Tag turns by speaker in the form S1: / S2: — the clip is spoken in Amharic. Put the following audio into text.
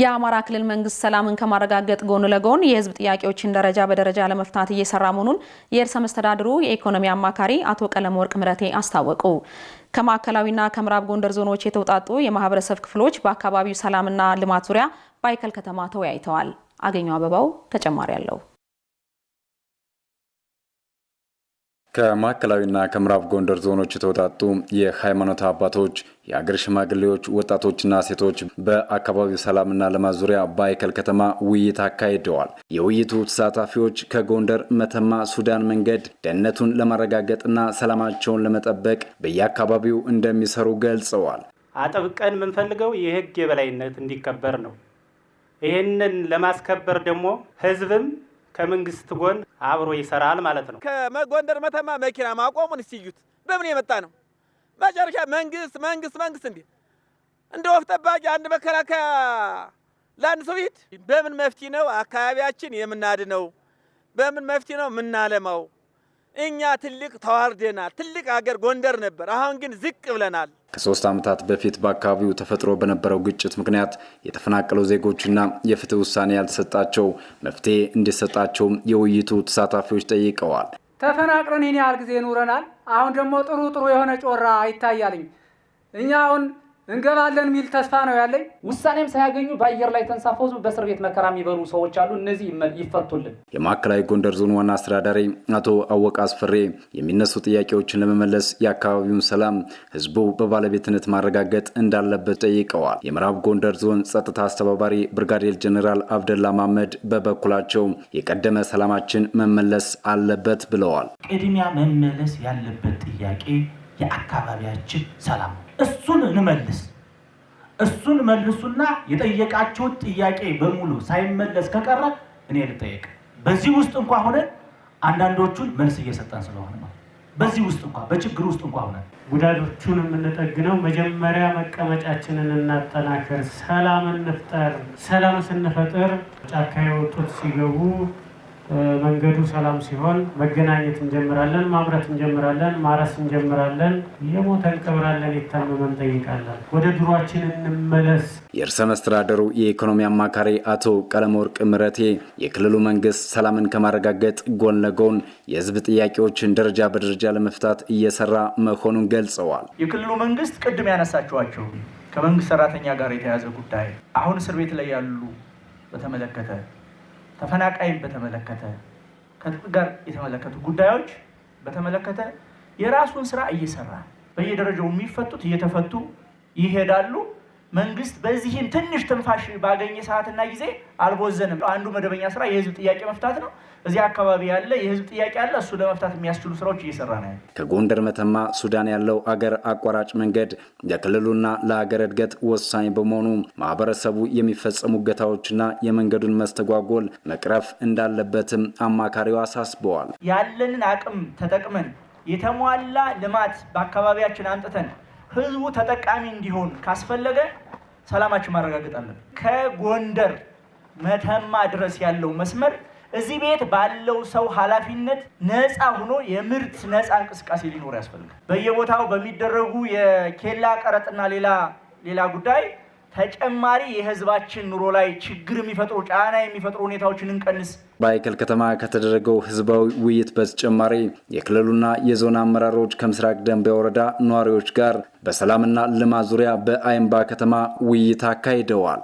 S1: የአማራ ክልል መንግስት ሰላምን ከማረጋገጥ ጎን ለጎን የህዝብ ጥያቄዎችን ደረጃ በደረጃ ለመፍታት እየሰራ መሆኑን የእርሰ መስተዳድሩ የኢኮኖሚ አማካሪ አቶ ቀለመወርቅ ምረቴ አስታወቁ። ከማዕከላዊና ከምዕራብ ጎንደር ዞኖች የተውጣጡ የማህበረሰብ ክፍሎች በአካባቢው ሰላምና ልማት ዙሪያ በአይከል ከተማ ተወያይተዋል። አገኘው አበባው ተጨማሪ አለው።
S2: ከማዕከላዊና ከምዕራብ ጎንደር ዞኖች የተውጣጡ የሃይማኖት አባቶች፣ የአገር ሽማግሌዎች፣ ወጣቶችና ሴቶች በአካባቢው ሰላምና ልማት ዙሪያ በአይከል ከተማ ውይይት አካሂደዋል። የውይይቱ ተሳታፊዎች ከጎንደር መተማ ሱዳን መንገድ ደህንነቱን ለማረጋገጥና ሰላማቸውን ለመጠበቅ በየአካባቢው እንደሚሰሩ ገልጸዋል።
S3: አጥብቀን የምንፈልገው የህግ የበላይነት እንዲከበር ነው። ይህንን ለማስከበር ደግሞ ህዝብም ከመንግስት ጎን አብሮ ይሰራል ማለት ነው።
S4: ከጎንደር መተማ መኪና ማቆሙን ሲዩት በምን የመጣ ነው? መጨረሻ መንግስት መንግስት መንግስት እንዴ! እንደ ወፍ ጠባቂ አንድ መከላከያ ለአንድ ሰው በምን መፍትሄ ነው አካባቢያችን የምናድነው? በምን መፍትሄ ነው የምናለማው? እኛ ትልቅ ተዋርደናል። ትልቅ አገር ጎንደር ነበር። አሁን ግን ዝቅ ብለናል።
S2: ከሶስት ዓመታት በፊት በአካባቢው ተፈጥሮ በነበረው ግጭት ምክንያት የተፈናቀሉ ዜጎችና የፍትህ ውሳኔ ያልተሰጣቸው መፍትሄ እንዲሰጣቸው የውይይቱ ተሳታፊዎች ጠይቀዋል።
S5: ተፈናቅለን ይህን ያህል ጊዜ ኑረናል። አሁን ደግሞ ጥሩ ጥሩ የሆነ ጮራ ይታያልኝ እኛ አሁን እንገባለን የሚል ተስፋ ነው ያለኝ።
S6: ውሳኔም ሳያገኙ በአየር ላይ ተንሳፈው በእስር ቤት መከራ የሚበሉ ሰዎች አሉ። እነዚህ ይፈቱልን።
S2: የማዕከላዊ ጎንደር ዞን ዋና አስተዳዳሪ አቶ አወቃ አስፈሬ የሚነሱ ጥያቄዎችን ለመመለስ የአካባቢውን ሰላም ህዝቡ በባለቤትነት ማረጋገጥ እንዳለበት ጠይቀዋል። የምዕራብ ጎንደር ዞን ጸጥታ አስተባባሪ ብርጋዴር ጀኔራል አብደላ ማመድ በበኩላቸው የቀደመ ሰላማችን መመለስ አለበት ብለዋል።
S7: ቅድሚያ መመለስ ያለበት ጥያቄ የአካባቢያችን ሰላም ነው። እሱን እንመልስ። እሱን መልሱና የጠየቃችሁት ጥያቄ በሙሉ ሳይመለስ ከቀረ እኔ ልጠየቅ። በዚህ ውስጥ እንኳ ሆነን አንዳንዶቹን መልስ እየሰጠን ስለሆነ ነው። በዚህ ውስጥ እንኳ በችግር ውስጥ እንኳ ሆነን
S8: ጉዳዮቹን የምንጠግነው መጀመሪያ መቀመጫችንን እናጠናክር፣ ሰላም እንፍጠር። ሰላም ስንፈጥር ጫካ የወጡት ሲገቡ መንገዱ ሰላም ሲሆን መገናኘት እንጀምራለን፣ ማምረት እንጀምራለን፣ ማረስ እንጀምራለን፣ የሞተ እንቀብራለን፣ የታመመ እንጠይቃለን። ወደ ድሯችን እንመለስ።
S2: የእርሰ መስተዳደሩ የኢኮኖሚ አማካሪ አቶ ቀለመወርቅ ምረቴ የክልሉ መንግስት ሰላምን ከማረጋገጥ ጎን ለጎን የህዝብ ጥያቄዎችን ደረጃ በደረጃ ለመፍታት እየሰራ መሆኑን ገልጸዋል።
S9: የክልሉ መንግስት ቅድም ያነሳችኋቸው ከመንግስት ሰራተኛ ጋር የተያያዘ ጉዳይ አሁን እስር ቤት ላይ ያሉ በተመለከተ ተፈናቃይን በተመለከተ ከጥቅ ጋር የተመለከቱ ጉዳዮች በተመለከተ የራሱን ስራ እየሰራ በየደረጃው የሚፈቱት እየተፈቱ ይሄዳሉ። መንግስት በዚህም ትንሽ ትንፋሽ ባገኘ ሰዓትና ጊዜ አልቦዘንም። አንዱ መደበኛ ስራ የህዝብ ጥያቄ መፍታት ነው። እዚህ አካባቢ ያለ የህዝብ ጥያቄ አለ። እሱ ለመፍታት የሚያስችሉ ስራዎች እየሰራ ነው።
S2: ከጎንደር መተማ ሱዳን ያለው አገር አቋራጭ መንገድ ለክልሉና ለሀገር እድገት ወሳኝ በመሆኑ ማህበረሰቡ የሚፈጸሙ እገታዎችና የመንገዱን መስተጓጎል መቅረፍ እንዳለበትም አማካሪው አሳስበዋል።
S9: ያለንን አቅም ተጠቅመን የተሟላ ልማት በአካባቢያችን አምጥተን ህዝቡ ተጠቃሚ እንዲሆን ካስፈለገ ሰላማችን ማረጋገጥ አለብን። ከጎንደር መተማ ድረስ ያለው መስመር እዚህ ቤት ባለው ሰው ኃላፊነት ነፃ ሆኖ የምርት ነፃ እንቅስቃሴ ሊኖር ያስፈልጋል። በየቦታው በሚደረጉ የኬላ ቀረጥና ሌላ ሌላ ጉዳይ ተጨማሪ የህዝባችን ኑሮ ላይ ችግር የሚፈጥሩ ጫና የሚፈጥሩ ሁኔታዎችን እንቀንስ።
S2: በአይከል ከተማ ከተደረገው ህዝባዊ ውይይት በተጨማሪ የክልሉና የዞን አመራሮች ከምስራቅ ደንቢያ ወረዳ ነዋሪዎች ጋር በሰላምና ልማት ዙሪያ በአይምባ ከተማ ውይይት አካሂደዋል።